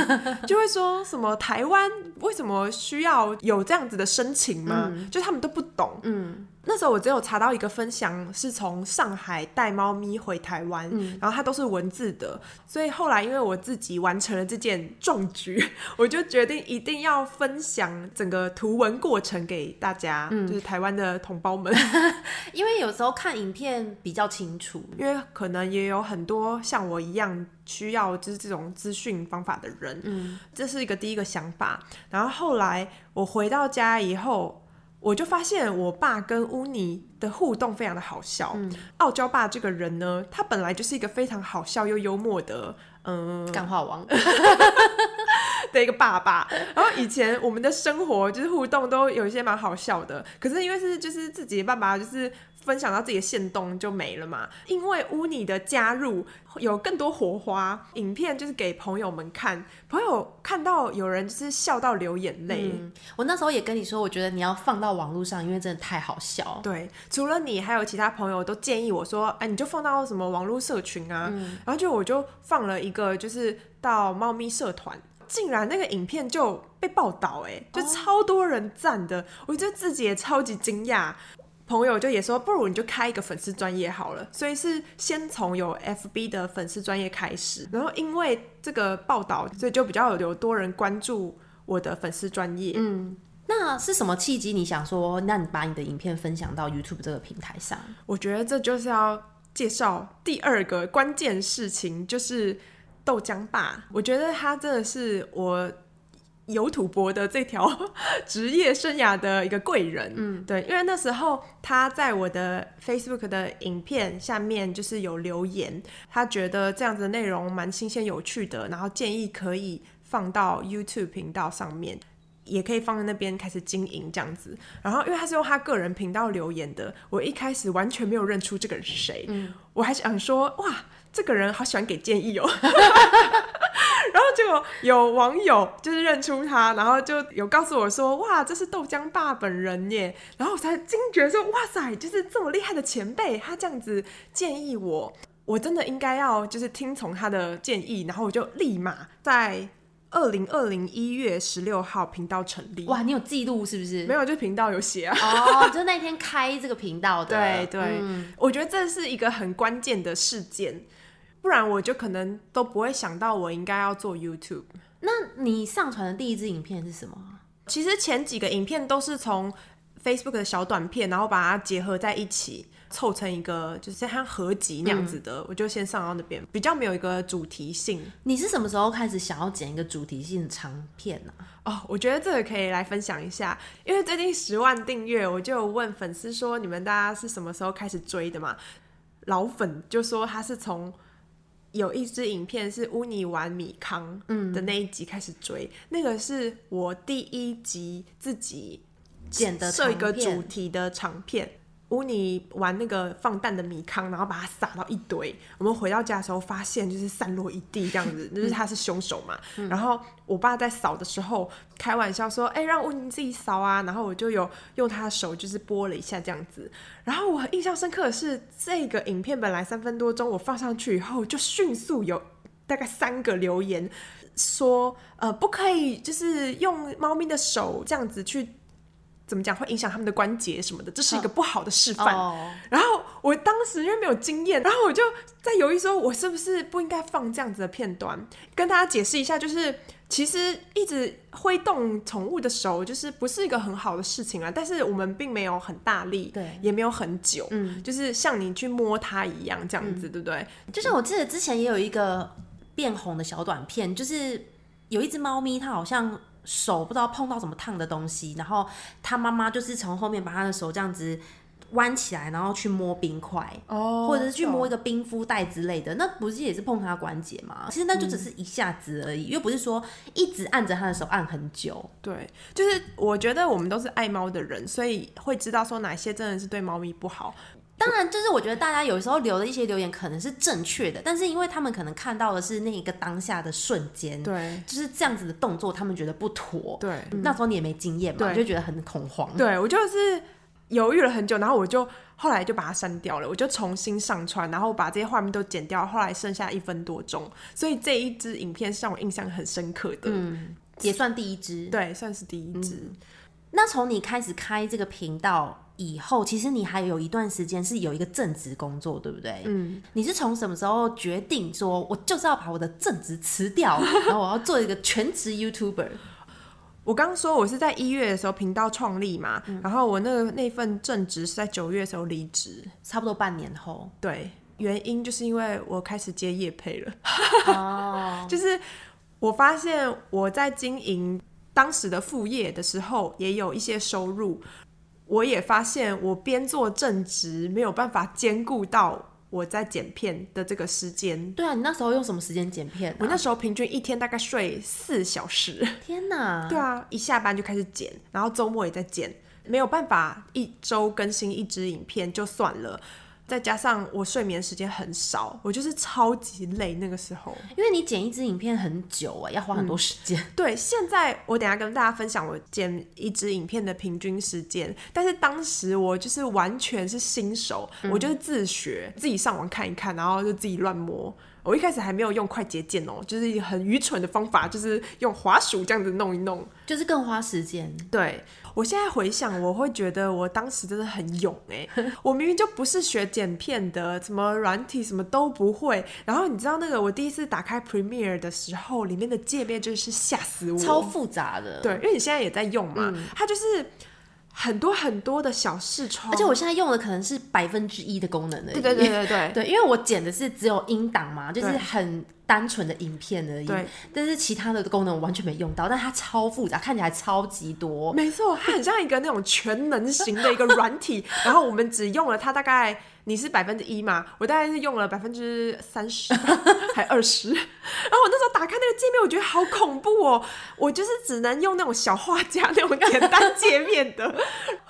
就會說什麼台灣為什麼需要有這樣子的申請嗎？嗯、就他們都不懂。嗯。那時候我只有查到一個分享是從上海帶貓咪回台灣，嗯，然後它都是文字的，所以後來因為我自己完成了這件壯舉，我就決定一定要分享整個圖文過程給大家，嗯，就是台灣的同胞們。因為有時候看影片比較清楚，因為可能也有很多像我一樣需要就是這種資訊方法的人，嗯，這是一個第一個想法。然後後來我回到家以後。我就發現我爸跟污泥的互動非常的好笑。傲嬌、嗯、爸這個人呢，他本來就是一個非常好笑又幽默的，嗯、呃，幹話王的一個爸爸。然後以前我們的生活就是互動都有一些蠻好笑的，可是因為是就是自己的爸爸就是。分享到自己的限動，就沒了嘛。因為污泥的加入有更多火花，影片就是給朋友們看，朋友看到有人就是笑到流眼淚，嗯。我那時候也跟你說，我覺得你要放到網絡上，因為真的太好笑。對，除了你，還有其他朋友都建議我說：“哎，你就放到什麼網絡社群啊。”嗯、然後就我就放了一個，就是到貓咪社團，竟然那個影片就被報道，哎，就超多人讚的，哦、我覺得自己也超級驚訝。朋友就也說，不如你就開一個粉絲專頁好了，所以是先從有 FB 的粉絲專頁開始。然後因為這個報道，所以就比較有多人關注我的粉絲專頁。嗯，那是什麼契機？你想說，那你把你的影片分享到 YouTube 這個平台上？我覺得這就是要介紹第二個關鍵事情，就是豆漿吧。我覺得它真的是我。有土伯的這條職 業生涯的一個貴人，嗯，對，因為那時候他在我的 Facebook 的影片下面就是有留言，他覺得這樣子的內容蠻新鮮有趣的，然後建議可以放到 YouTube 頻道上面，也可以放在那邊開始經營這樣子。然後因為他是用他個人頻道留言的，我一開始完全沒有認出這個人是誰，嗯，我還想說哇。這個人好喜歡給建議哦， 然後結果有網友就是認出他，然後就有告訴我說：“哇，這是豆漿爸本人耶！”然後我才驚覺說：“哇塞，就是這麼厲害的前輩，他這樣子建議我，我真的應該要就是聽從他的建議。”然後我就立馬在二零二零一月十六號頻道成立。哇，你有記錄是不是？沒有，就頻道有寫哦、啊，oh, 就那天開這個頻道的。對對，對嗯、我覺得這是一個很關鍵的事件。不然我就可能都不會想到我應該要做 YouTube。那你上傳的第一支影片是什麼？其實前幾個影片都是從 Facebook 的小短片，然後把它結合在一起，湊成一個就是像合集那樣子的。嗯、我就先上到那邊，比較沒有一個主題性。你是什麼時候開始想要剪一個主題性的長片啊？哦，我覺得這個可以來分享一下，因為最近十萬訂閱，我就問粉絲說你們大家是什麼時候開始追的嘛？老粉就說他是從。有一支影片是烏尼玩米康的那一集開始追，嗯、那個是我第一集自己剪的，設一個主題的長片。污泥玩那個放彈的米糠，然後把它撒到一堆。我們回到家的時候，發現就是散落一地這樣子，就是他是兇手嘛。嗯、然後我爸在掃的時候開玩笑說：“哎、欸，讓污泥自己掃啊。”然後我就有用他的手就是撥了一下這樣子。然後我印象深刻的是，這個影片本來三分多鐘，我放上去以後就迅速有大概三個留言說：“呃，不可以，就是用貓咪的手這樣子去。”怎麼講會影響他們的關節什麼的，這是一個不好的示範。Oh. Oh. 然後我當時因為沒有經驗，然後我就在猶豫說，我是不是不應該放這樣子的片段，跟大家解釋一下，就是其實一直揮動寵物的手，就是不是一個很好的事情啊。但是我們並沒有很大力，對，也沒有很久，嗯，就是像你去摸它一樣這樣子，嗯、對不對？就是我記得之前也有一個變紅的小短片，就是有一只貓咪，它好像。手不知道碰到什麼燙的東西，然後他媽媽就是從後面把他的手這樣子彎起來，然後去摸冰塊，哦，或者是去摸一個冰敷袋之類的，麼那不是也是碰他的關節嗎？其實那就只是一下子而已，嗯、又不是說一直按着他的手按很久。對，就是我覺得我們都是愛貓的人，所以會知道說哪些真的是對貓咪不好。當然，就是我覺得大家有時候留的一些留言可能是正確的，但是因為他們可能看到的是那一個當下的瞬間，對，就是這樣子的動作，他們覺得不妥，對。那時候你也沒經驗嘛，對就覺得很恐慌。對，我就是猶豫了很久，然後我就後來就把它刪掉了，我就重新上傳，然後把這些畫面都剪掉，後來剩下一分多鐘，所以這一支影片是讓我印象很深刻的，嗯，也算第一支，對，算是第一支。嗯。那從你開始開這個頻道。以後其實你還有一段時間是有一個正職工作，對不對？嗯，你是從什麼時候決定說我就是要把我的正職辭掉， 然後我要做一個全職 YouTuber？我剛說，我是在一月的時候頻道創立嘛，嗯、然後我那個那份正職是在九月的時候離職，差不多半年後。對，原因就是因為我開始接業配了。哦 ，oh. 就是我發現我在經營當時的副業的時候，也有一些收入。我也發現，我邊做正職沒有辦法兼顧到我在剪片的這個時間。對啊，你那時候用什麼時間剪片啊？我那時候平均一天大概睡四小時。天哪！ 對啊，一下班就開始剪，然後週末也在剪，沒有辦法一週更新一支影片就算了。再加上我睡眠時間很少，我就是超級累。那個時候，因為你剪一支影片很久啊，要花很多時間。嗯。對，現在我等一下跟大家分享我剪一支影片的平均時間，但是當時我就是完全是新手，我就是自學，嗯、自己上網看一看，然後就自己亂摸。我一開始還沒有用快捷鍵哦、喔，就是很愚蠢的方法，就是用滑鼠這樣子弄一弄，就是更花時間。對，我現在回想，我會覺得我當時真的很勇哎、欸， 我明明就不是學剪片的，什麼軟體什麼都不會。然後你知道那個我第一次打開 Premiere 的時候，裡面的界面就是嚇死我，超複雜的。對，因為你現在也在用嘛，嗯、它就是。很多很多的小視窗，而且我現在用的可能是百分之一的功能而已，對對對對對，對，因為我剪的是只有音檔嘛，就是很單純的影片而已，對，但是其他的功能我完全沒用到，但它超複雜，看起來超級多，沒錯，它很像一個那種全能型的一個軟體， 然後我們只用了它大概。你是百分之一嗎？我大概是用了百分之三十，還二十。然後我那時候打開那個界面，我覺得好恐怖哦！我就是只能用那種小畫家那種簡單界面的。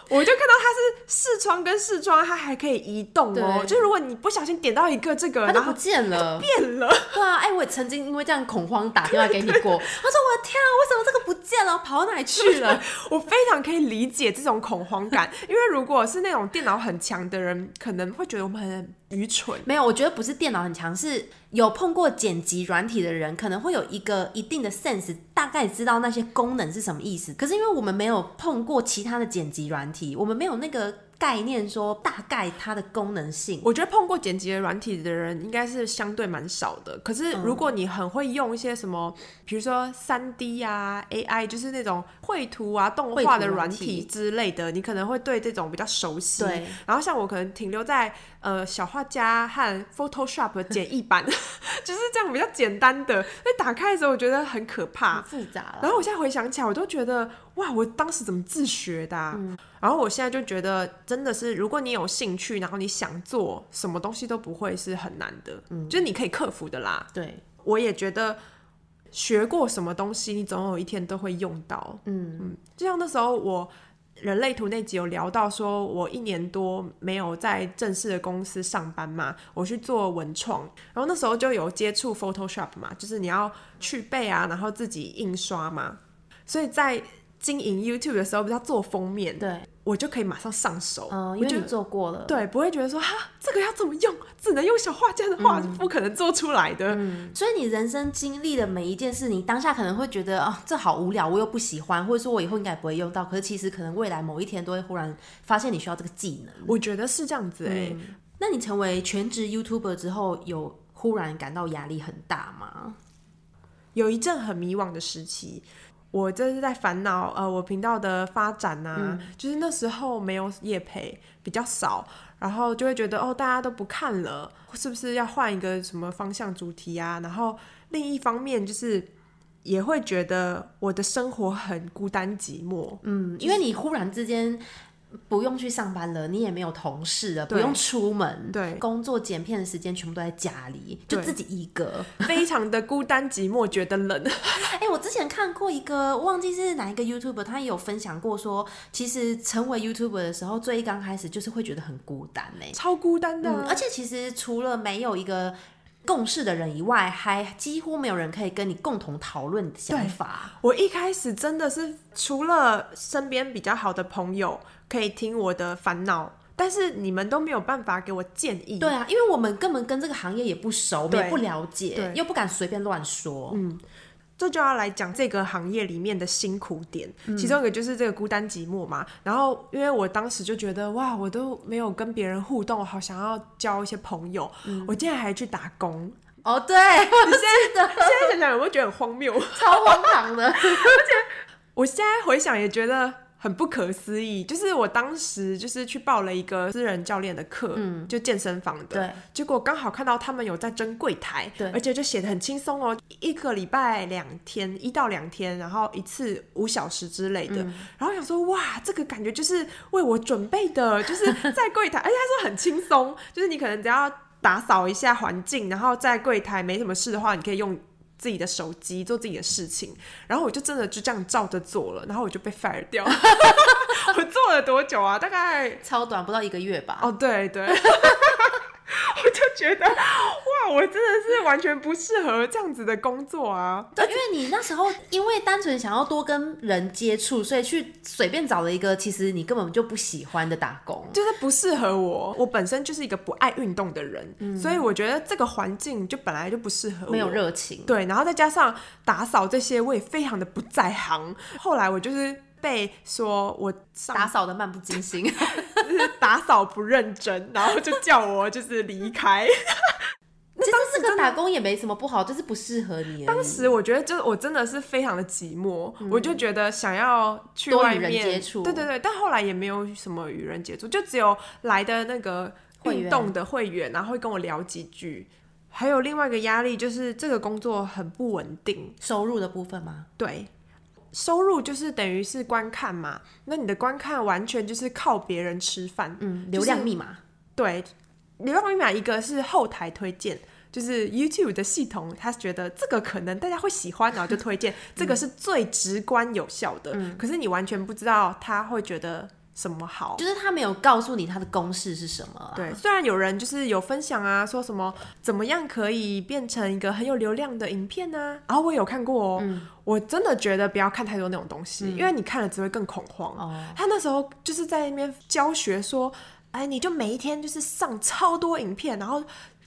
我就看到它是視窗跟視窗它還可以移動哦。對就如果你不小心點到一個這個，它就不見了，變了。對啊，哎，我也曾經因為這樣恐慌打電話給你過。對對對，我說，我的天啊，為什麼這個不見了？跑到哪裡去了？我非常可以理解這種恐慌感，因為如果是那種電腦很強的人，可能會。會覺得我們很愚蠢？沒有，我覺得不是電腦很強，是有碰過剪輯軟體的人，可能會有一個一定的 sense，大概知道那些功能是什麼意思。可是因為我們沒有碰過其他的剪輯軟體，我們沒有那個。概念，說大概它的功能性，我覺得碰過剪輯軟體的人應該是相對蠻少的。可是如果你很會用一些什麼，嗯、比如說三 D 啊、AI，就是那種繪圖啊、動畫的軟體之類的，你可能會對這種比較熟悉。對然後像我可能停留在。呃，小畫家和 Photoshop 簡易版， 就是這樣比較簡單的。那打開的時候，我覺得很可怕，複雜。然後我現在回想起來，我都覺得哇，我當時怎麼自學的、啊？嗯、然後我現在就覺得真的是，如果你有興趣，然後你想做什麼東西都不會是很難的，嗯，就是你可以克服的啦。對，我也覺得學過什麼東西，你總有一天都會用到。嗯嗯，就像那時候我。人類圖那集有聊到說，我一年多沒有在正式的公司上班嘛，我去做文創，然後那時候就有接觸 Photoshop 嘛，就是你要去背啊，然後自己印刷嘛，所以在，經營 YouTube 的時候，比較做封面，對我就可以馬上上手，我就、嗯、做過了，對，不會覺得說哈，這個要怎麼用？只能用小畫家的話，不可能做出來的、嗯嗯。所以你人生經歷的每一件事，你當下可能會覺得哦，這好無聊，我又不喜歡，或者說我以後應該不會用到。可是其實可能未來某一天都會忽然發現你需要這個技能。我覺得是這樣子哎、欸。嗯、那你成為全職 YouTuber 之後，有忽然感到壓力很大嗎？有一陣很迷惘的時期。我這是在煩惱，呃，我頻道的發展吶、啊，嗯、就是那時候沒有業配，比較少，然後就會覺得哦，大家都不看了，是不是要換一個什麼方向主題啊？然後另一方面就是也會覺得我的生活很孤單寂寞，嗯，因為你忽然之間。不用去上班了，你也沒有同事了，對不用出門，對，工作剪片的時間全部都在家裡，對就自己一個， 非常的孤單寂寞，覺得冷。哎、 欸，我之前看過一個，我忘記是哪一個 YouTuber，他也有分享過說，其實成為 YouTuber 的時候，最剛開始就是會覺得很孤單，超孤單的、啊嗯。而且其實除了沒有一個共事的人以外，還幾乎沒有人可以跟你共同討論想法。我一開始真的是除了身邊比較好的朋友。可以聽我的煩惱，但是你們都沒有辦法給我建議。對啊，因為我們根本跟這個行業也不熟，對也不了解，對又不敢隨便亂說。嗯，這就要來講這個行業裡面的辛苦點，嗯、其中一個就是這個孤單寂寞嘛。然後因為我當時就覺得哇，我都沒有跟別人互動，好想要交一些朋友。嗯、我竟然還去打工哦，對，真的，得現在想想我會覺得很荒謬，超荒唐的。 而且我現在回想也覺得。很不可思議，就是我當時就是去報了一個私人教練的課，嗯，就健身房的，對。結果剛好看到他們有在徵櫃檯，對，而且就寫得很輕鬆哦，一個禮拜兩天，一到兩天，然後一次五小時之類的。嗯，然後想說，哇，這個感覺就是為我準備的，就是在櫃檯， 而且他說很輕鬆，就是你可能只要打掃一下環境，然後在櫃檯沒什麼事的話，你可以用自己的手機做自己的事情，然後我就真的就這樣照着做了，然後我就被 fire 掉。 我做了多久啊？大概超短，不到一個月吧。哦、oh，對對。 我就覺得，哇，我真的是完全不適合這樣子的工作啊！對，而且，因為你那時候因為單純想要多跟人接觸，所以去隨便找了一個其實你根本就不喜歡的打工，就是不適合我。我本身就是一個不愛運動的人，嗯、所以我覺得這個環境就本來就不適合我。沒有熱情，對，然後再加上打掃這些，我也非常的不在行。後來我就是。被說我打掃的漫不經心， 就是打掃不認真，然後就叫我就是離開。 當時其實這個打工也沒什麼不好，就是不適合你。當時我覺得，就是我真的是非常的寂寞，嗯、我就覺得想要去外面接觸。對對對，但後來也沒有什麼與人接觸，就只有來的那個運動的會員，然後會跟我聊幾句。還有另外一個壓力就是這個工作很不穩定，收入的部分嗎？對。收入就是等於是觀看嘛，那你的觀看完全就是靠別人吃飯，嗯，流量密碼、就是，對，流量密碼一個是後台推薦，就是 YouTube 的系統，他覺得這個可能大家會喜歡，然後就推薦， 這個是最直觀有效的，嗯、可是你完全不知道他會覺得。什麼好？就是他沒有告訴你他的公式是什麼啊。對，雖然有人就是有分享啊，說什麼怎麼樣可以變成一個很有流量的影片啊。然後我有看過哦，嗯，我真的覺得不要看太多那種東西，嗯，因為你看了只會更恐慌。哦，他那時候就是在那邊教學說，哎，欸，你就每一天就是上超多影片，然後。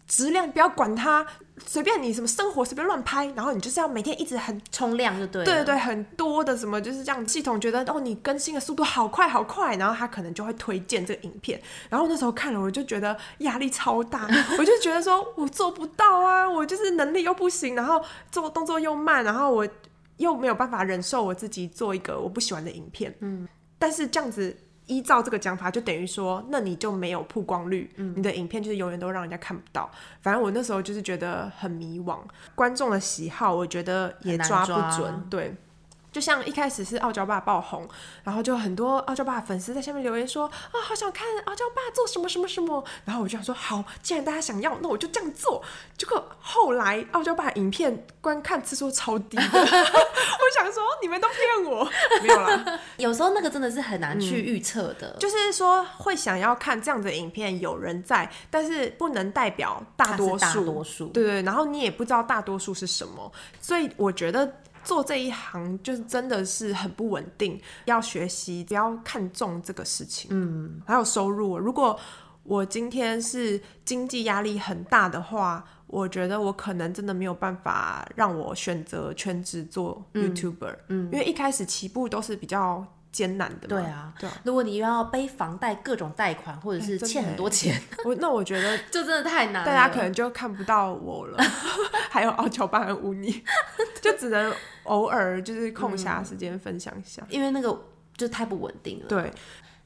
質量不要管它，隨便你什麼生活隨便亂拍，然後你就是要每天一直很衝量就對了。對對對，很多的什麼就是這樣，系統覺得哦你更新的速度好快好快，然後他可能就會推薦這個影片。然後那時候看了我就覺得壓力超大， 我就覺得說我做不到啊，我就是能力又不行，然後做動作又慢，然後我又沒有辦法忍受我自己做一個我不喜歡的影片。嗯，但是這樣子。依照這個講法，就等於說，那你就沒有曝光率，嗯，你的影片就是永遠都讓人家看不到。反正我那時候就是覺得很迷惘，觀眾的喜好，我覺得也抓不準，對。就像一開始是傲嬌爸爆紅，然後就很多傲嬌爸粉絲在下面留言說啊，好想看傲嬌爸做什麼什麼什麼。然後我就想說，好，既然大家想要，那我就這樣做。結果後來傲嬌爸影片觀看次數超低的， 我想說你們都騙我， 沒有啦。有時候那個真的是很難去預測的、嗯，就是說會想要看這樣的影片有人在，但是不能代表大多數，多數對對。然後你也不知道大多數是什麼，所以我覺得。做這一行就是真的是很不穩定，要學習，不要看重這個事情。嗯，還有收入。如果我今天是經濟壓力很大的話，我覺得我可能真的沒有辦法讓我選擇全職做 YouTuber，嗯。嗯，因為一開始起步都是比較。艱難的對啊，對啊。如果你又要背房貸、各種貸款，或者是欠很多錢，欸、 我那我覺得這 真的太難了。大家可能就看不到我了， 還有澳洲班和污泥， 就只能偶爾就是空暇時間分享一下、嗯，因為那個就太不穩定了。對，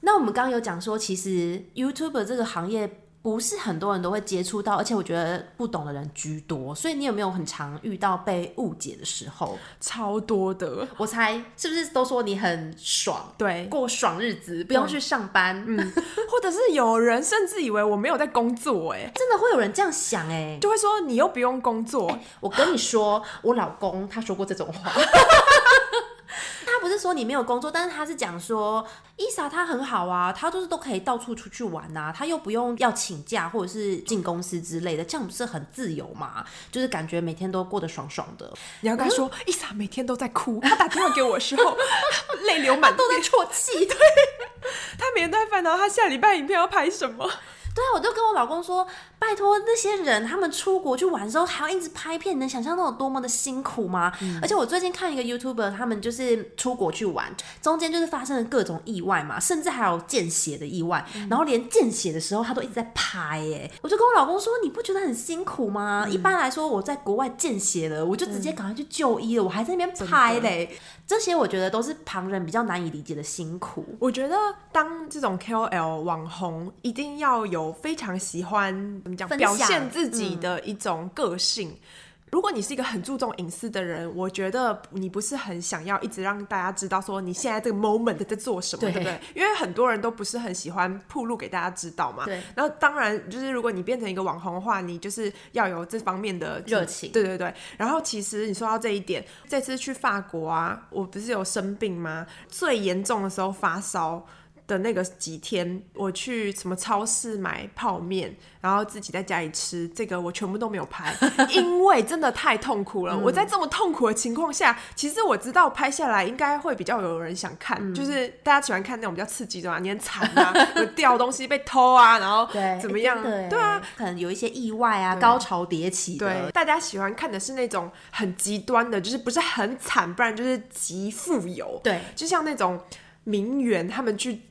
那我們剛剛有講說，其實 YouTube 這個行業。不是很多人都會接觸到，而且我覺得不懂的人居多，所以你有沒有很常遇到被誤解的時候？超多的，我猜是不是都說你很爽，對，過爽日子，不用去上班，對嗯，或者是有人甚至以為我沒有在工作、欸，哎， 真的會有人這樣想、欸，哎，就會說你又不用工作。欸、我跟你說， 我老公他說過這種話。 他不是說你沒有工作，但是他是講說 Isa 他很好啊，他就是都可以到處出去玩啊，他又不用要請假或者是進公司之類的，這樣不是很自由嘛？就是感覺每天都過得爽爽的。你要跟他說，Isa、嗯、每天都在哭， 他打電話給我的時候淚 流滿面，都在啜泣。 對，他每天都在煩惱，他下禮拜影片要拍什麼。對啊，我就跟我老公說：“拜託那些人，他們出國去玩的時候還要一直拍片，你能想象那種多麼的辛苦嗎？”嗯、而且我最近看一個 YouTuber 他們就是出國去玩，中間就是發生了各種意外嘛，甚至還有見血的意外，嗯、然後連見血的時候他都一直在拍哎，嗯、我就跟我老公說：“你不覺得很辛苦嗎？”嗯、一般來說，我在國外見血了，我就直接趕快去就醫了，嗯、我還在那邊拍嘞。的這些我覺得都是旁人比較難以理解的辛苦。我覺得當這種 KOL 網紅一定要有。我非常喜歡怎麼講，享表現自己的一種個性。嗯、如果你是一個很注重隱私的人，我覺得你不是很想要一直讓大家知道說你現在這個 moment 在做什麼，對，對不對？因為很多人都不是很喜歡暴露給大家知道嘛。對。然後當然，就是如果你變成一個網紅的話，你就是要有這方面的熱情。對對對。然後其實你說到這一點，這次去法國啊，我不是有生病嗎？最嚴重的時候發燒。的那個幾天，我去什麼超市買泡麵，然後自己在家裡吃，這個我全部都沒有拍， 因為真的太痛苦了。嗯、我在這麼痛苦的情況下，其實我知道拍下來應該會比較有人想看，嗯、就是大家喜歡看那種比較刺激的嘛，你很慘啊， 有掉東西被偷啊，然後怎麼樣？對，欸、對，對啊，可能有一些意外啊，對高潮迭起。對，大家喜歡看的是那種很極端的，就是不是很慘，不然就是極富有。對，就像那種名媛，他們去。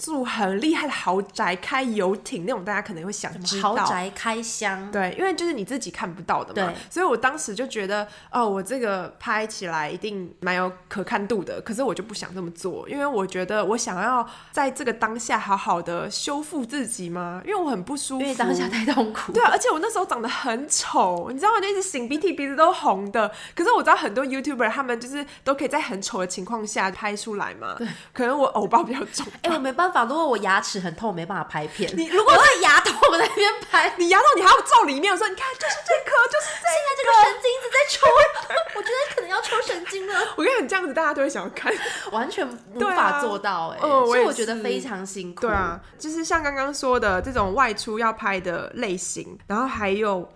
住很厲害的豪宅開，開遊艇那種，大家可能會想知道豪宅開箱，麼對，因為就是你自己看不到的嘛，對所以我當時就覺得，哦，我這個拍起來一定蠻有可看度的。可是我就不想這麼做，因為我覺得我想要在這個當下好好的修復自己嘛，因為我很不舒服，因為當下太痛苦。對啊，而且我那時候長得很醜，你知道我那一直擤鼻涕，鼻子都紅的。可是我知道很多 YouTuber 他們就是都可以在很醜的情況下拍出來嘛，對。可能我偶包比較重、啊，哎， 欸、我沒辦法。如果我牙齒很痛，沒辦法拍片。你如果我牙痛我在那邊拍，你牙痛，你還要照裡面，我說 你看，就是這顆，就是、這個、現在這個神經一直在抽， 我覺得可能要抽神經了。我跟你講這樣子，大家都會想要看，完全無法做到哎、欸，啊呃、所以我覺得非常辛苦。對啊，就是像剛剛說的這種外出要拍的類型，然後還有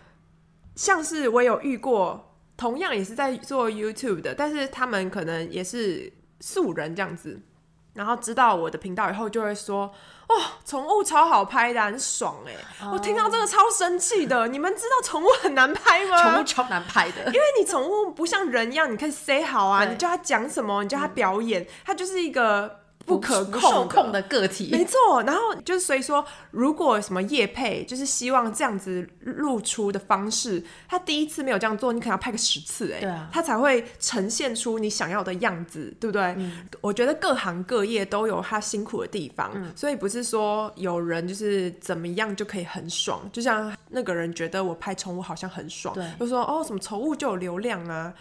像是我有遇過，同樣也是在做 YouTube 的，但是他們可能也是素人這樣子。然後知道我的頻道以後，就會說：“哦，寵物超好拍的，很爽哎！” oh. 我聽到這個超生氣的。你們知道寵物很難拍嗎？寵物超難拍的，因為你寵物不像人一樣，你可以 say 好啊，對你叫它講什麼，你叫它表演，它、嗯、就是一個。不可，不，受控不可控的，受控的個體，沒錯。然後就是，所以說，如果什麼業配，就是希望這樣子露出的方式，他第一次沒有這樣做，你可能要拍個十次，哎，他才會呈現出你想要的樣子，對不對？我覺得各行各業都有他辛苦的地方，所以不是說有人就是怎麼樣就可以很爽。就像那個人覺得我拍寵物好像很爽，就說哦，什麼寵物就有流量啊。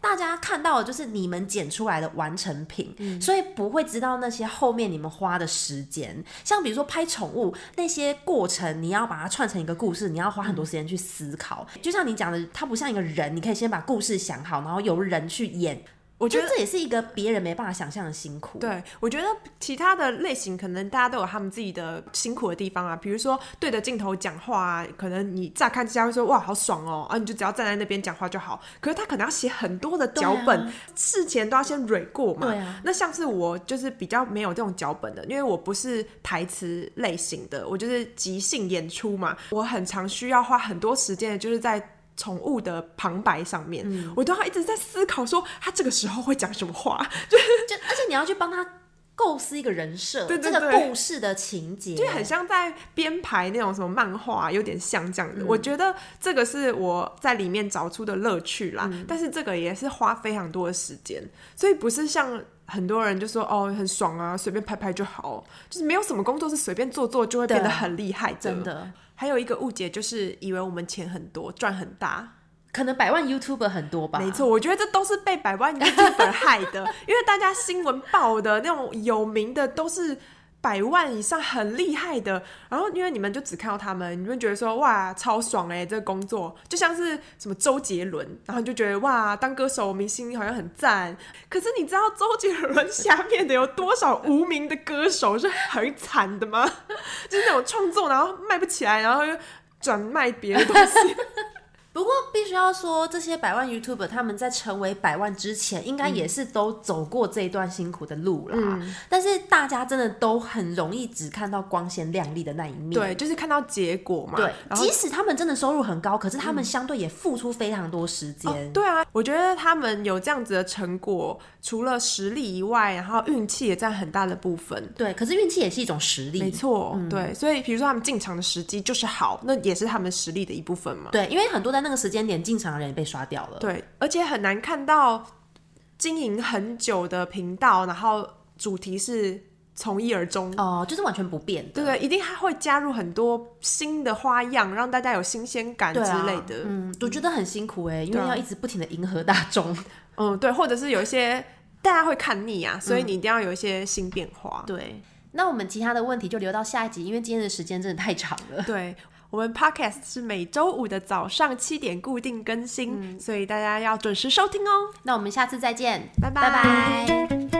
大家看到的就是你們剪出來的完成品，嗯。所以不會知道那些後面你們花的時間。像比如說拍寵物那些過程，你要把它串成一個故事，你要花很多時間去思考。嗯。就像你講的，它不像一個人，你可以先把故事想好，然後由人去演。我覺得這也是一個別人沒辦法想象的辛苦。對，我覺得其他的類型可能大家都有他們自己的辛苦的地方啊，比如說對着鏡頭講話啊，可能你乍看之下會說，哇，好爽哦，喔，啊，你就只要站在那邊講話就好。可是他可能要寫很多的腳本，啊、事前都要先蕊過嘛。啊、那像是我就是比較沒有這種腳本的，因為我不是台詞類型的，我就是即興演出嘛，我很常需要花很多時間就是在。寵物的旁白上面，嗯、我都要一直在思考，說他這個時候會講什麼話，就是就而且你要去幫他構思一個人設，對，對,對，這個故事的情節，就很像在編排那種什麼漫畫啊，有點像這樣子。嗯、我覺得這個是我在裡面找出的樂趣啦，嗯、但是這個也是花非常多的時間，所以不是像很多人就說哦，很爽啊，隨便拍拍就好，就是沒有什麼工作是隨便做做就會變得很厲害，真的。還有一個誤解就是，以為我們錢很多，賺很大，可能百萬 YouTuber 很多吧。沒錯，我覺得這都是被百萬 YouTuber 害的， 因為大家新聞報的那種有名的都是。百萬以上很厲害的，然後因為你們就只看到他們，你們覺得說，哇超爽誒、欸、這個工作就像是什麼周杰倫，然後你就覺得哇當歌手明星好像很贊。可是你知道周杰倫下面的有多少無名的歌手是很慘的嗎？就是那種創作然後賣不起來，然後又轉賣別的東西。 不過必須要說，這些百萬 YouTuber 他們在成為百萬之前，應該也是都走過這一段辛苦的路啦。嗯、但是大家真的都很容易只看到光鮮亮麗的那一面。對，就是看到結果嘛。對。然後即使他們真的收入很高，可是他們相對也付出非常多時間、嗯哦。對啊，我覺得他們有這樣子的成果，除了實力以外，然後運氣也占很大的部分。對，可是運氣也是一種實力。沒錯錯。嗯、對，所以比如說他們進場的時機就是好，那也是他們實力的一部分嘛。對，因為很多的。那個時間點進場的人也被刷掉了。對，而且很難看到經營很久的頻道，然後主題是從一而終哦，就是完全不變的。對，一定還會加入很多新的花樣，讓大家有新鮮感之類的。啊、嗯，嗯我覺得很辛苦哎、欸，因為要一直不停的迎合大眾、啊。嗯，對，或者是有一些大家會看膩啊，所以你一定要有一些新變化、嗯。對，那我們其他的問題就留到下一集，因為今天的時間真的太長了。對。我們 podcast 是每週五的早上七點固定更新，嗯，所以大家要準時收聽哦。那我們下次再見，拜拜拜拜。Bye bye